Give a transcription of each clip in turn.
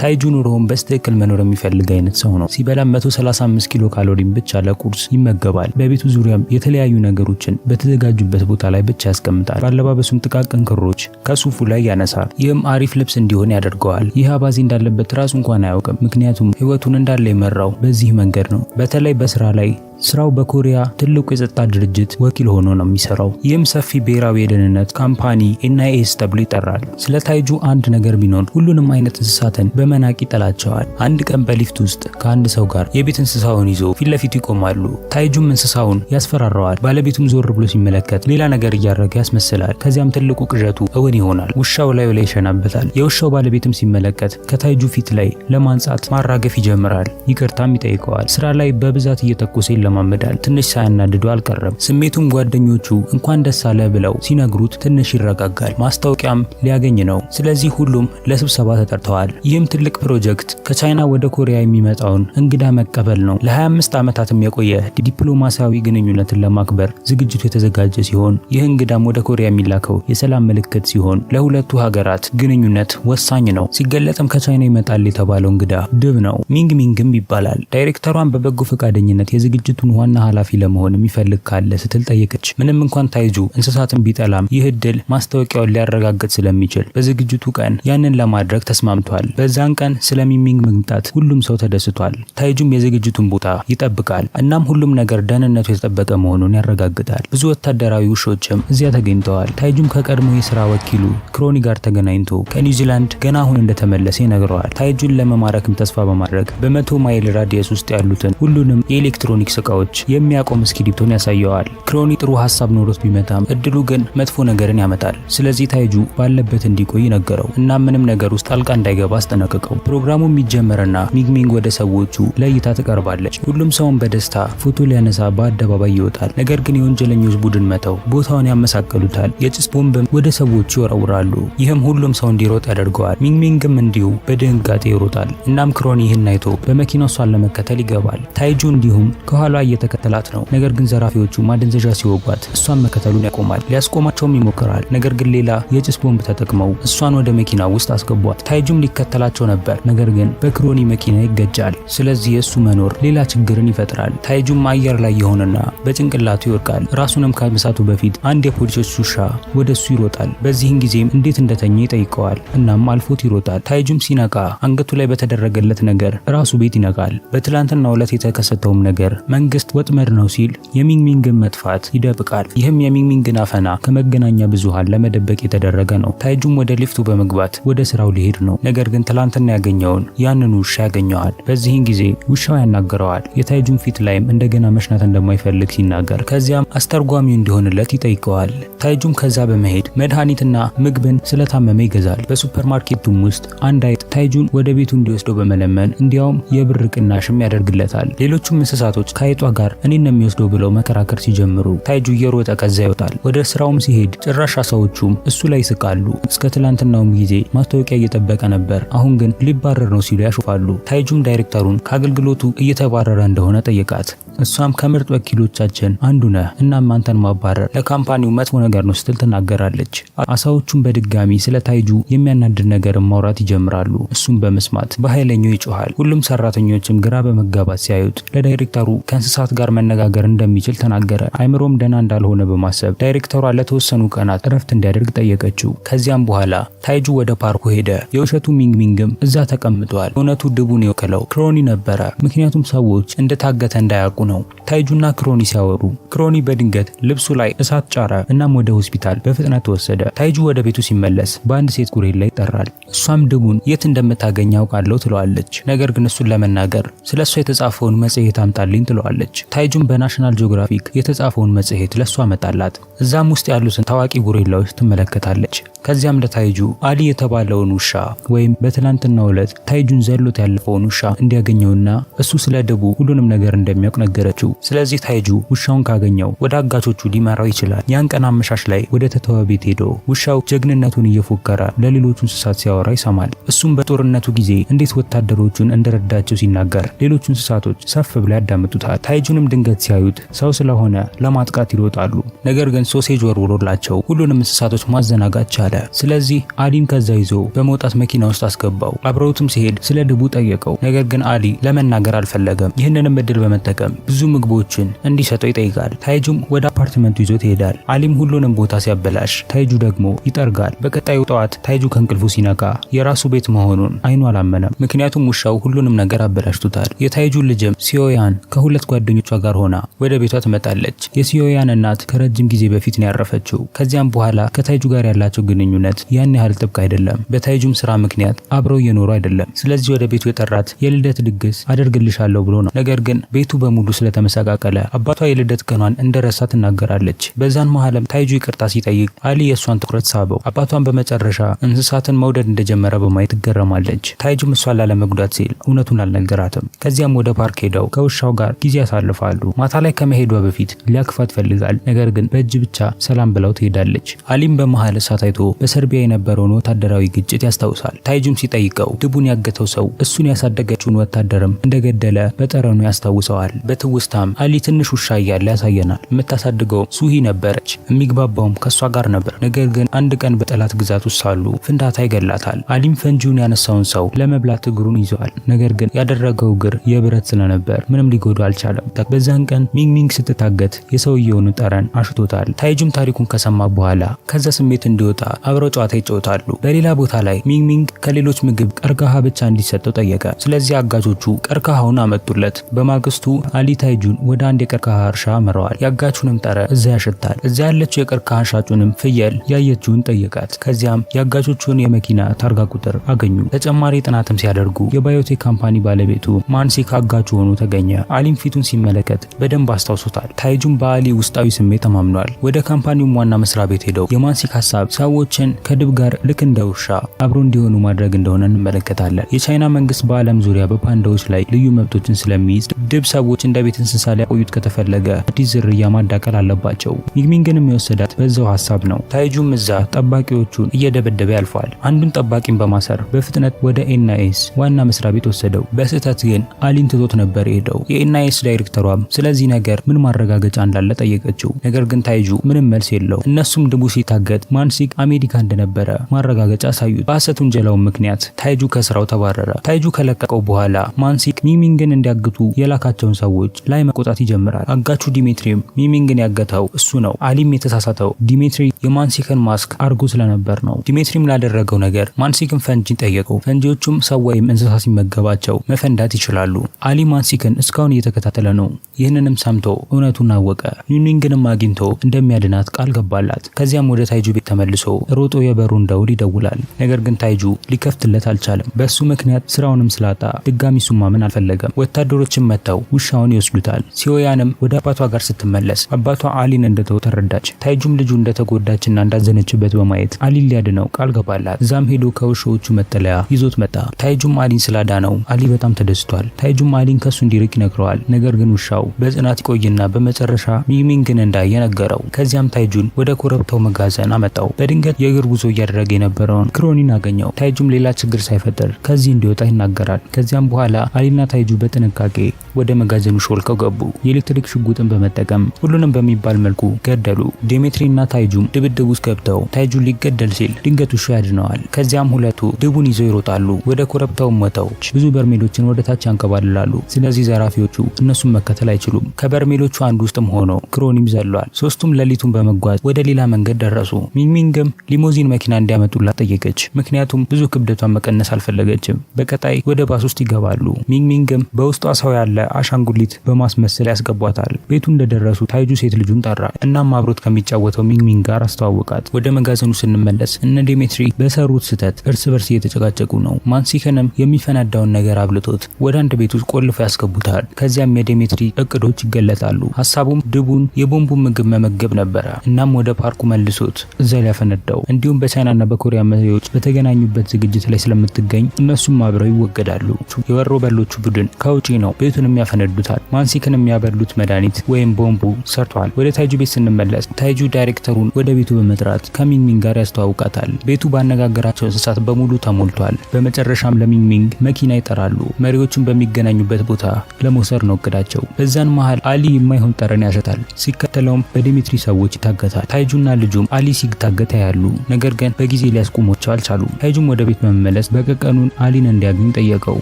ታይጁ ኑሮውን በስትክክል መኖር የሚፈልግ አይነት ሰው ነው። ሲበላም 135 ኪሎ ካሎሪን ብቻ ለቁርስ ይመገባል። በቤቱ ዙሪያም የተለያዩ ነገሮችን በተዘጋጁበት ቦታ ላይ ብቻ ያስቀምጣል። ባለባበሱም ጥቃቅን ክሮች ከሱፉ ላይ ያነሳል። ይህም አሪፍ ልብስ እንዲሆን ያደርገዋል። ይህ አባዜ እንዳለበት ራሱ እንኳን አያውቅም። ምክንያቱም ህይወቱን እንዳለ የመራው በዚህ መንገድ ነው። በተለይ በስራ ላይ ስራው በኮሪያ ትልቁ የጸጥታ ድርጅት ወኪል ሆኖ ነው የሚሰራው። ይህም ሰፊ ብሔራዊ የደህንነት ካምፓኒ ኤንአይኤስ ተብሎ ይጠራል። ስለ ታይጁ አንድ ነገር ቢኖር ሁሉንም አይነት እንስሳትን በመናቅ ይጠላቸዋል። አንድ ቀን በሊፍት ውስጥ ከአንድ ሰው ጋር የቤት እንስሳውን ይዞ ፊት ለፊቱ ይቆማሉ። ታይጁም እንስሳውን ያስፈራረዋል። ባለቤቱም ዞር ብሎ ሲመለከት ሌላ ነገር እያደረገ ያስመስላል። ከዚያም ትልቁ ቅዠቱ እውን ይሆናል። ውሻው ላዩ ላይ ይሸናበታል። የውሻው ባለቤትም ሲመለከት ከታይጁ ፊት ላይ ለማንጻት ማራገፍ ይጀምራል። ይቅርታም ይጠይቀዋል። ስራ ላይ በብዛት እየተኮሰ ይለማመዳል። ትንሽ ሳያናድዱ አልቀረም። ስሜቱም ጓደኞቹ እንኳን ደስ አለ ብለው ሲነግሩት ትንሽ ይረጋጋል። ማስታወቂያም ሊያገኝ ነው። ስለዚህ ሁሉም ለስብሰባ ተጠርተዋል። ይህም ትልቅ ፕሮጀክት ከቻይና ወደ ኮሪያ የሚመጣውን እንግዳ መቀበል ነው። ለ25 ዓመታትም የቆየ ዲፕሎማሲያዊ ግንኙነትን ለማክበር ዝግጅቱ የተዘጋጀ ሲሆን ይህ እንግዳም ወደ ኮሪያ የሚላከው የሰላም ምልክት ሲሆን ለሁለቱ ሀገራት ግንኙነት ወሳኝ ነው። ሲገለጥም ከቻይና ይመጣል የተባለው እንግዳ ድብ ነው። ሚንግ ሚንግም ይባላል። ዳይሬክተሯን በበጎ ፈቃደኝነት የዝግጅቱ የድርጅቱን ዋና ኃላፊ ለመሆን የሚፈልግ ካለ ስትል ጠየቀች። ምንም እንኳን ታይጁ እንስሳትን ቢጠላም ይህ እድል ማስታወቂያውን ሊያረጋግጥ ስለሚችል በዝግጅቱ ቀን ያንን ለማድረግ ተስማምቷል። በዛን ቀን ስለ ሚሚንግ መምጣት ሁሉም ሰው ተደስቷል። ታይጁም የዝግጅቱን ቦታ ይጠብቃል። እናም ሁሉም ነገር ደህንነቱ የተጠበቀ መሆኑን ያረጋግጣል። ብዙ ወታደራዊ ውሾችም እዚያ ተገኝተዋል። ታይጁም ከቀድሞ የስራ ወኪሉ ክሮኒ ጋር ተገናኝቶ ከኒውዚላንድ ገና አሁን እንደተመለሰ ይነግረዋል። ታይጁን ለመማረክም ተስፋ በማድረግ በመቶ ማይል ራዲየስ ውስጥ ያሉትን ሁሉንም የኤሌክትሮኒክስ እቃዎች የሚያቆም እስክሪብቶን ያሳየዋል። ክሮኒ ጥሩ ሀሳብ ኖሮት ቢመታም እድሉ ግን መጥፎ ነገርን ያመጣል። ስለዚህ ታይጁ ባለበት እንዲቆይ ነገረው እና ምንም ነገር ውስጥ ጣልቃ እንዳይገባ አስጠነቅቀው። ፕሮግራሙ የሚጀመርና ሚግሚንግ ወደ ሰዎቹ ለእይታ ትቀርባለች። ሁሉም ሰውን በደስታ ፎቶ ሊያነሳ በአደባባይ ይወጣል። ነገር ግን የወንጀለኞች ቡድን መተው ቦታውን ያመሳቀሉታል። የጭስ ቦምብም ወደ ሰዎቹ ይወረውራሉ። ይህም ሁሉም ሰው እንዲሮጥ ያደርገዋል። ሚንግሚንግም እንዲሁ በድንጋጤ ይሮጣል። እናም ክሮኒ ይህን አይቶ በመኪና እሷን ለመከተል ይገባል። ታይጁ እንዲሁም ከኋላ ከኋላ እየተከተላት ነው። ነገር ግን ዘራፊዎቹ ማደንዘዣ ሲወጓት እሷን መከተሉን ያቆማል። ሊያስቆማቸውም ይሞክራል። ነገር ግን ሌላ የጭስ ቦምብ ተጠቅመው እሷን ወደ መኪና ውስጥ አስገቧት። ታይጁም ሊከተላቸው ነበር፣ ነገር ግን በክሮኒ መኪና ይገጫል። ስለዚህ የእሱ መኖር ሌላ ችግርን ይፈጥራል። ታይጁም አየር ላይ የሆነና በጭንቅላቱ ይወድቃል። ራሱንም ከመሳቱ በፊት አንድ የፖሊሶች ውሻ ወደ እሱ ይሮጣል። በዚህን ጊዜም እንዴት እንደተኛ ይጠይቀዋል። እናም አልፎት ይሮጣል። ታይጁም ሲነቃ አንገቱ ላይ በተደረገለት ነገር ራሱ ቤት ይነቃል። በትላንትና ዕለት የተከሰተውም ነገር የመንግስት ወጥመድ ነው ሲል የሚንግሚንግን መጥፋት ይደብቃል። ይህም የሚንግሚንግን አፈና ከመገናኛ ብዙሃን ለመደበቅ የተደረገ ነው። ታይጁም ወደ ሊፍቱ በመግባት ወደ ስራው ሊሄድ ነው። ነገር ግን ትላንትና ያገኘውን ያንን ውሻ ያገኘዋል። በዚህን ጊዜ ውሻው ያናግረዋል። የታይጁም ፊት ላይም እንደገና መሽናት እንደማይፈልግ ሲናገር ከዚያም አስተርጓሚው እንዲሆንለት ይጠይቀዋል። ታይጁም ከዛ በመሄድ መድኃኒትና ምግብን ስለታመመ ይገዛል። በሱፐርማርኬቱም ውስጥ አንድ አይጥ ታይጁን ወደ ቤቱ እንዲወስደው በመለመን እንዲያውም የብር ቅናሽም ያደርግለታል። ሌሎቹም እንስሳቶች ከአይጥ ከሴቷ ጋር እኔን ነው የሚወስደው ብለው መከራከር ሲጀምሩ ታይጁ እየሮጠ ከዛ ይወጣል። ወደ ስራውም ሲሄድ ጭራሽ ሰዎቹም እሱ ላይ ይስቃሉ። እስከ ትላንትናውም ጊዜ ማስታወቂያ እየጠበቀ ነበር፣ አሁን ግን ሊባረር ነው ሲሉ ያሾፋሉ። ታይጁም ዳይሬክተሩን ከአገልግሎቱ እየተባረረ እንደሆነ ጠየቃት። እሷም ከምርጥ ወኪሎቻችን አንዱ ነህ፣ እናም አንተን ማባረር ለካምፓኒው መጥፎ ነገር ነው ስትል ትናገራለች። አሳዎቹም በድጋሚ ስለ ታይጁ የሚያናድድ ነገር ማውራት ይጀምራሉ። እሱም በመስማት በኃይለኛው ይጮሃል። ሁሉም ሰራተኞችም ግራ በመጋባት ሲያዩት ለዳይሬክተሩ ከእንስሳት ጋር መነጋገር እንደሚችል ተናገረ። አይምሮም ደና እንዳልሆነ በማሰብ ዳይሬክተሯ ለተወሰኑ ቀናት እረፍት እንዲያደርግ ጠየቀችው። ከዚያም በኋላ ታይጁ ወደ ፓርኩ ሄደ። የውሸቱ ሚንግሚንግም እዛ ተቀምጧል። እውነቱ ድቡን የወከለው ክሮኒ ነበረ። ምክንያቱም ሰዎች እንደታገተ እንዳያውቁ ነው። ታይጁና ክሮኒ ሲያወሩ ክሮኒ በድንገት ልብሱ ላይ እሳት ጫረ። እናም ወደ ሆስፒታል በፍጥነት ተወሰደ። ታይጁ ወደ ቤቱ ሲመለስ በአንድ ሴት ጉሬላ ይጠራል። እሷም ድጉን የት እንደምታገኝ አውቃለሁ ትለዋለች። ነገር ግን እሱን ለመናገር ስለ እሷ የተጻፈውን መጽሔት አምጣልኝ ትለዋለች። ታይጁም በናሽናል ጂኦግራፊክ የተጻፈውን መጽሔት ለእሷ አመጣላት። እዛም ውስጥ ያሉትን ታዋቂ ጉሬላዎች ትመለከታለች። ከዚያም ለታይጁ አሊ የተባለውን ውሻ ወይም በትናንትናው ዕለት ታይጁን ዘሎት ያለፈውን ውሻ እንዲያገኘውና እሱ ስለ ድቡ ሁሉንም ነገር እንደሚያውቅ ነገረችው። ስለዚህ ታይጁ ውሻውን ካገኘው ወደ አጋቾቹ ሊመራው ይችላል። ያን ቀን አመሻሽ ላይ ወደ ተተወ ቤት ሄዶ ውሻው ጀግንነቱን እየፎከረ ለሌሎቹ እንስሳት ሲያወራ ይሰማል። እሱም በጦርነቱ ጊዜ እንዴት ወታደሮቹን እንደረዳቸው ሲናገር ሌሎቹ እንስሳቶች ሰፍ ብለው ያዳምጡታል። ታይጁንም ድንገት ሲያዩት ሰው ስለሆነ ለማጥቃት ይሮጣሉ። ነገር ግን ሶሴጅ ወርውሮላቸው ሁሉንም እንስሳቶች ማዘናጋት ቻለ። ስለዚህ አሊን ከዛ ይዞ በመውጣት መኪና ውስጥ አስገባው። አብረውትም ሲሄድ ስለ ድቡ ጠየቀው። ነገር ግን አሊ ለመናገር አልፈለገም። ይህንንም እድል በመጠቀም ብዙ ምግቦችን እንዲሰጠው ይጠይቃል። ታይጁም ወደ አፓርትመንቱ ይዞት ይሄዳል። አሊም ሁሉንም ቦታ ሲያበላሽ፣ ታይጁ ደግሞ ይጠርጋል። በቀጣዩ ጠዋት ታይጁ ከእንቅልፉ ሲነቃ የራሱ ቤት መሆኑን አይኑ አላመነም። ምክንያቱም ውሻው ሁሉንም ነገር አበላሽቶታል። የታይጁ ልጅም ሲዮያን ከሁለት ጓደኞቿ ጋር ሆና ወደ ቤቷ ትመጣለች። የሲዮያን እናት ከረጅም ጊዜ በፊት ነው ያረፈችው። ከዚያም በኋላ ከታይጁ ጋር ያላቸው ግንኙነት ያን ያህል ጥብቅ አይደለም። በታይጁም ስራ ምክንያት አብረው እየኖሩ አይደለም። ስለዚህ ወደ ቤቱ የጠራት የልደት ድግስ አደርግልሻለሁ ብሎ ነው። ነገር ግን ቤቱ በሙሉ ስለተመሰቃቀለ አባቷ የልደት ቀኗን እንደረሳ ትናገራለች። በዛን መሀልም ታይጁ ይቅርታ ሲጠይቅ አሊ የእሷን ትኩረት ሳበው። አባቷን በመጨረሻ እንስሳትን መውደድ እንደጀመረ በማየት ትገረማለች። ታይጁም እሷን ላለመጉዳት ሲል እውነቱን አልነገራትም። ከዚያም ወደ ፓርክ ሄደው ከውሻው ጋር ጊዜ ያሳልፋሉ። ማታ ላይ ከመሄዷ በፊት ሊያክፋት ይፈልጋል። ነገር ግን በእጅ ብቻ ሰላም ብለው ትሄዳለች። አሊም በመሀል እሳት አይቶ በሰርቢያ የነበረውን ወታደራዊ ግጭት ያስታውሳል። ታይጁም ሲጠይቀው ድቡን ያገተው ሰው እሱን ያሳደገችውን ወታደርም እንደገደለ በጠረኑ ያስታውሰዋል። ትውስታም አሊ ትንሽ ውሻ እያለ ያሳየናል። የምታሳድገውም ሱሂ ነበረች፣ የሚግባባውም ከእሷ ጋር ነበር። ነገር ግን አንድ ቀን በጠላት ግዛት ውስጥ ሳሉ ፍንዳታ ይገላታል። አሊም ፈንጂውን ያነሳውን ሰው ለመብላት እግሩን ይዘዋል። ነገር ግን ያደረገው እግር የብረት ስለነበር ምንም ሊጎዱ አልቻለም። በዛን ቀን ሚንግሚንግ ስትታገት የሰውየውን ጠረን አሽቶታል። ታይጁም ታሪኩን ከሰማ በኋላ ከዛ ስሜት እንዲወጣ አብረው ጨዋታ ይጫወታሉ። በሌላ ቦታ ላይ ሚንግሚንግ ከሌሎች ምግብ ቀርከሃ ብቻ እንዲሰጠው ጠየቀ። ስለዚህ አጋጆቹ ቀርከሃውን አመጡለት። በማግስቱ አሊ አሊ ታይጁን ወደ አንድ የቀርከሃ እርሻ መረዋል። ያጋቹንም ጠረ፣ እዛ ያሸታል። እዛ ያለችው የቀርከሃ ሻጩንም ፍየል ያየችውን ጠየቃት። ከዚያም ያጋቾቹን የመኪና ታርጋ ቁጥር አገኙ። ተጨማሪ ጥናትም ሲያደርጉ የባዮቴክ ካምፓኒ ባለቤቱ ማንሲክ አጋቹ ሆኖ ተገኘ። አሊም ፊቱን ሲመለከት በደንብ አስታውሶታል። ታይጁን በአሊ ውስጣዊ ስሜት ተማምኗል። ወደ ካምፓኒውም ዋና መስሪያ ቤት ሄደው የማንሲክ ሀሳብ ሰዎችን ከድብ ጋር ልክ እንደ ውሻ አብሮ እንዲሆኑ ማድረግ እንደሆነ እንመለከታለን። የቻይና መንግስት በዓለም ዙሪያ በፓንዳዎች ላይ ልዩ መብቶችን ስለሚይዝ ድብ ሰዎች እንደ ቤት እንስሳ ሊያቆዩት ከተፈለገ አዲስ ዝርያ ማዳቀል አለባቸው። ሚግሚንግንም የወሰዳት በዛው ሀሳብ ነው። ታይጁም እዛ ጠባቂዎቹን እየደበደበ ያልፏል። አንዱን ጠባቂን በማሰር በፍጥነት ወደ ኤንአይኤስ ዋና መስሪያ ቤት ወሰደው። በስህተት ግን አሊን ትቶት ነበር የሄደው። የኤንአይኤስ ዳይሬክተሯም ስለዚህ ነገር ምን ማረጋገጫ እንዳለ ጠየቀችው። ነገር ግን ታይጁ ምንም መልስ የለው። እነሱም ድቡ ሲታገጥ ማንሲክ አሜሪካ እንደነበረ ማረጋገጫ ሳዩት። በሐሰት ውንጀላው ምክንያት ታይጁ ከስራው ተባረረ። ታይጁ ከለቀቀው በኋላ ማንሲክ ሚሚንግን እንዲያግቱ የላካቸውን ሰዎች ሰዎች ላይ መቆጣት ይጀምራል። አጋቹ ዲሜትሪም ሚሚንግን ያገተው እሱ ነው። አሊም የተሳሳተው ዲሜትሪ የማንሲክን ማስክ አርጎ ስለነበር ነው። ዲሜትሪም ላደረገው ነገር ማንሲክን ፈንጂ ጠየቀው። ፈንጂዎቹም ሰው ወይም እንስሳ ሲመገባቸው መፈንዳት ይችላሉ። አሊ ማንሲክን እስካሁን እየተከታተለ ነው። ይህንንም ሰምቶ እውነቱን አወቀ። ሚሚንግንም አግኝቶ እንደሚያድናት ቃል ገባላት። ከዚያም ወደ ታይጁ ቤት ተመልሶ ሮጦ የበሩን ደውል ይደውላል። ነገር ግን ታይጁ ሊከፍትለት አልቻለም። በእሱ ምክንያት ስራውንም ስላጣ ድጋሚ እሱን ማመን አልፈለገም። ወታደሮችም መጥተው ውሻውን ይወስዱታል። ሲዮያንም ወደ አባቷ ጋር ስትመለስ አባቷ አሊን እንደተው ተረዳች። ታይጁም ልጁ እንደተጎዳችና እንዳዘነችበት በማየት አሊን ሊያድነው ቃል ገባላት። እዛም ሄዶ ከውሾዎቹ መጠለያ ይዞት መጣ። ታይጁም አሊን ስላዳነው አሊ በጣም ተደስቷል። ታይጁም አሊን ከሱ እንዲርቅ ይነግረዋል። ነገር ግን ውሻው በጽናት ይቆይና በመጨረሻ ሚሚንግን እንዳየ ነገረው። ከዚያም ታይጁን ወደ ኮረብታው መጋዘን አመጣው። በድንገት የእግር ጉዞ እያደረገ የነበረውን ክሮኒን አገኘው። ታይጁም ሌላ ችግር ሳይፈጠር ከዚህ እንዲወጣ ይናገራል። ከዚያም በኋላ አሊና ታይጁ በጥንቃቄ ወደ መጋዘኑ ሾልከው ገቡ። የኤሌክትሪክ ሽጉጥን በመጠቀም ሁሉንም በሚባል መልኩ ገደሉ። ዴሜትሪና ታይጁም ድብድብ ውስጥ ገብተው ታይጁ ሊገደል ሲል ድንገት ውሻ ያድነዋል። ከዚያም ሁለቱ ድቡን ይዘው ይሮጣሉ። ወደ ኮረብታውም ወጥተው ብዙ በርሜሎችን ወደ ታች ያንከባልላሉ። ስለዚህ ዘራፊዎቹ እነሱን መከተል አይችሉም። ከበርሜሎቹ አንዱ ውስጥም ሆኖ ክሮኒም ዘሏል። ሶስቱም ሌሊቱን በመጓዝ ወደ ሌላ መንገድ ደረሱ። ሚንሚንግም ሊሞዚን መኪና እንዲያመጡላት ጠየቀች። ምክንያቱም ብዙ ክብደቷን መቀነስ አልፈለገችም። በቀጣይ ወደ ባስ ውስጥ ይገባሉ። ሚንሚንግም በውስጧ ሰው ያለ አሻንጉሊት በማስመሰል ያስገቧታል። ቤቱ እንደደረሱ ታይጁ ሴት ልጁን ጠራ። እናም አብሮት ከሚጫወተው ሚንግሚን ጋር አስተዋወቃት። ወደ መጋዘኑ ስንመለስ እነ ዴሜትሪ በሰሩት ስህተት እርስ በርስ እየተጨቃጨቁ ነው። ማንሲከንም የሚፈናዳውን ነገር አብልቶት ወደ አንድ ቤት ውስጥ ቆልፎ ያስገቡታል። ከዚያም የዴሜትሪ እቅዶች ይገለጣሉ። ሀሳቡም ድቡን የቦምቡን ምግብ መመገብ ነበረ። እናም ወደ ፓርኩ መልሶት እዛ ሊያፈነዳው እንዲሁም በቻይናና በኮሪያ መሪዎች በተገናኙበት ዝግጅት ላይ ስለምትገኝ እነሱም አብረው ይወገዳሉ። የወሮ በሎቹ ቡድን ከውጪ ነው ቤቱንም ያፈነዱታል። ማንሲክን የሚያበሉት መድኃኒት ወይም ቦምቡ ሰርቷል። ወደ ታይጁ ቤት ስንመለስ ታይጁ ዳይሬክተሩን ወደ ቤቱ በመጥራት ከሚንሚንግ ጋር ያስተዋውቃታል። ቤቱ ባነጋገራቸው እንስሳት በሙሉ ተሞልቷል። በመጨረሻም ለሚንሚንግ መኪና ይጠራሉ። መሪዎቹን በሚገናኙበት ቦታ ለመውሰድ ነው እቅዳቸው። በዛን መሃል አሊ የማይሆን ጠረን ያሸታል። ሲከተለውም በዲሚትሪ ሰዎች ይታገታል። ታይጁና ልጁም አሊ ሲታገት ያሉ ነገር ግን በጊዜ ሊያስቆሙ ሊያድናቸው አልቻሉም። ሀይጁም ወደ ቤት በመመለስ በቀቀኑን አሊን እንዲያገኝ ጠየቀው።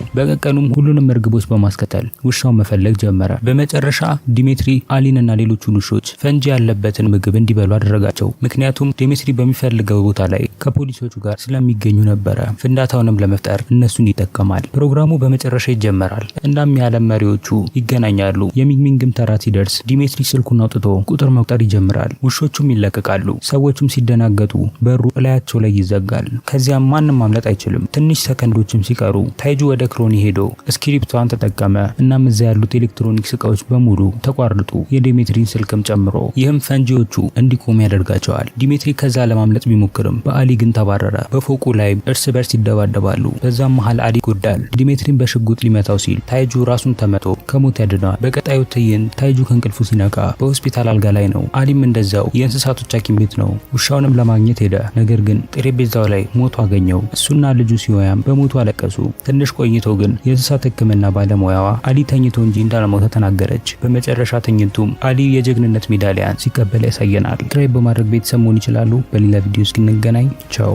በቀቀኑም ሁሉንም እርግቦች በማስከተል ውሻውን መፈለግ ጀመረ። በመጨረሻ ዲሜትሪ አሊንና ሌሎቹን ውሾች ፈንጂ ያለበትን ምግብ እንዲበሉ አደረጋቸው። ምክንያቱም ዲሜትሪ በሚፈልገው ቦታ ላይ ከፖሊሶቹ ጋር ስለሚገኙ ነበረ። ፍንዳታውንም ለመፍጠር እነሱን ይጠቀማል። ፕሮግራሙ በመጨረሻ ይጀመራል። እናም የዓለም መሪዎቹ ይገናኛሉ። የሚንግም ተራ ሲደርስ ዲሜትሪ ስልኩን አውጥቶ ቁጥር መቁጠር ይጀምራል። ውሾቹም ይለቀቃሉ። ሰዎቹም ሲደናገጡ በሩ እላያቸው ላይ ይዘጋል። ከዚያም ማንም ማምለጥ አይችልም። ትንሽ ሰከንዶችም ሲቀሩ ታይጁ ወደ ክሮኒ ሄዶ ስክሪፕቷን ተጠቀመ። እናም እዚያ ያሉት ኤሌክትሮኒክስ እቃዎች በሙሉ ተቋርጡ፣ የዲሜትሪን ስልክም ጨምሮ። ይህም ፈንጂዎቹ እንዲቆሙ ያደርጋቸዋል። ዲሜትሪ ከዛ ለማምለጥ ቢሞክርም በአሊ ግን ተባረረ። በፎቁ ላይ እርስ በርስ ይደባደባሉ። በዛም መሀል አሊ ይጎዳል። ዲሜትሪን በሽጉጥ ሊመታው ሲል ታይጁ ራሱን ተመቶ ከሞት ያድናል። በቀጣዩ ትዕይንት ታይጁ ከእንቅልፉ ሲነቃ በሆስፒታል አልጋ ላይ ነው። አሊም እንደዚያው የእንስሳቶች ሐኪም ቤት ነው። ውሻውንም ለማግኘት ሄደ። ነገር ግን ጠረጴዛው ላይ ሞቶ አገኘው። እሱና ልጁ ሲወያም በሞቱ አለቀሱ። ትንሽ ቆይቶ ግን የእንስሳት ሕክምና ባለሙያዋ አሊ ተኝቶ እንጂ እንዳልሞተ ተናገረች። በመጨረሻ ትኝቱም አሊ የጀግንነት ሜዳሊያን ሲቀበል ያሳየናል። ትራይ በማድረግ ቤተሰብ መሆን ይችላሉ። በሌላ ቪዲዮ እስክንገናኝ ቻው።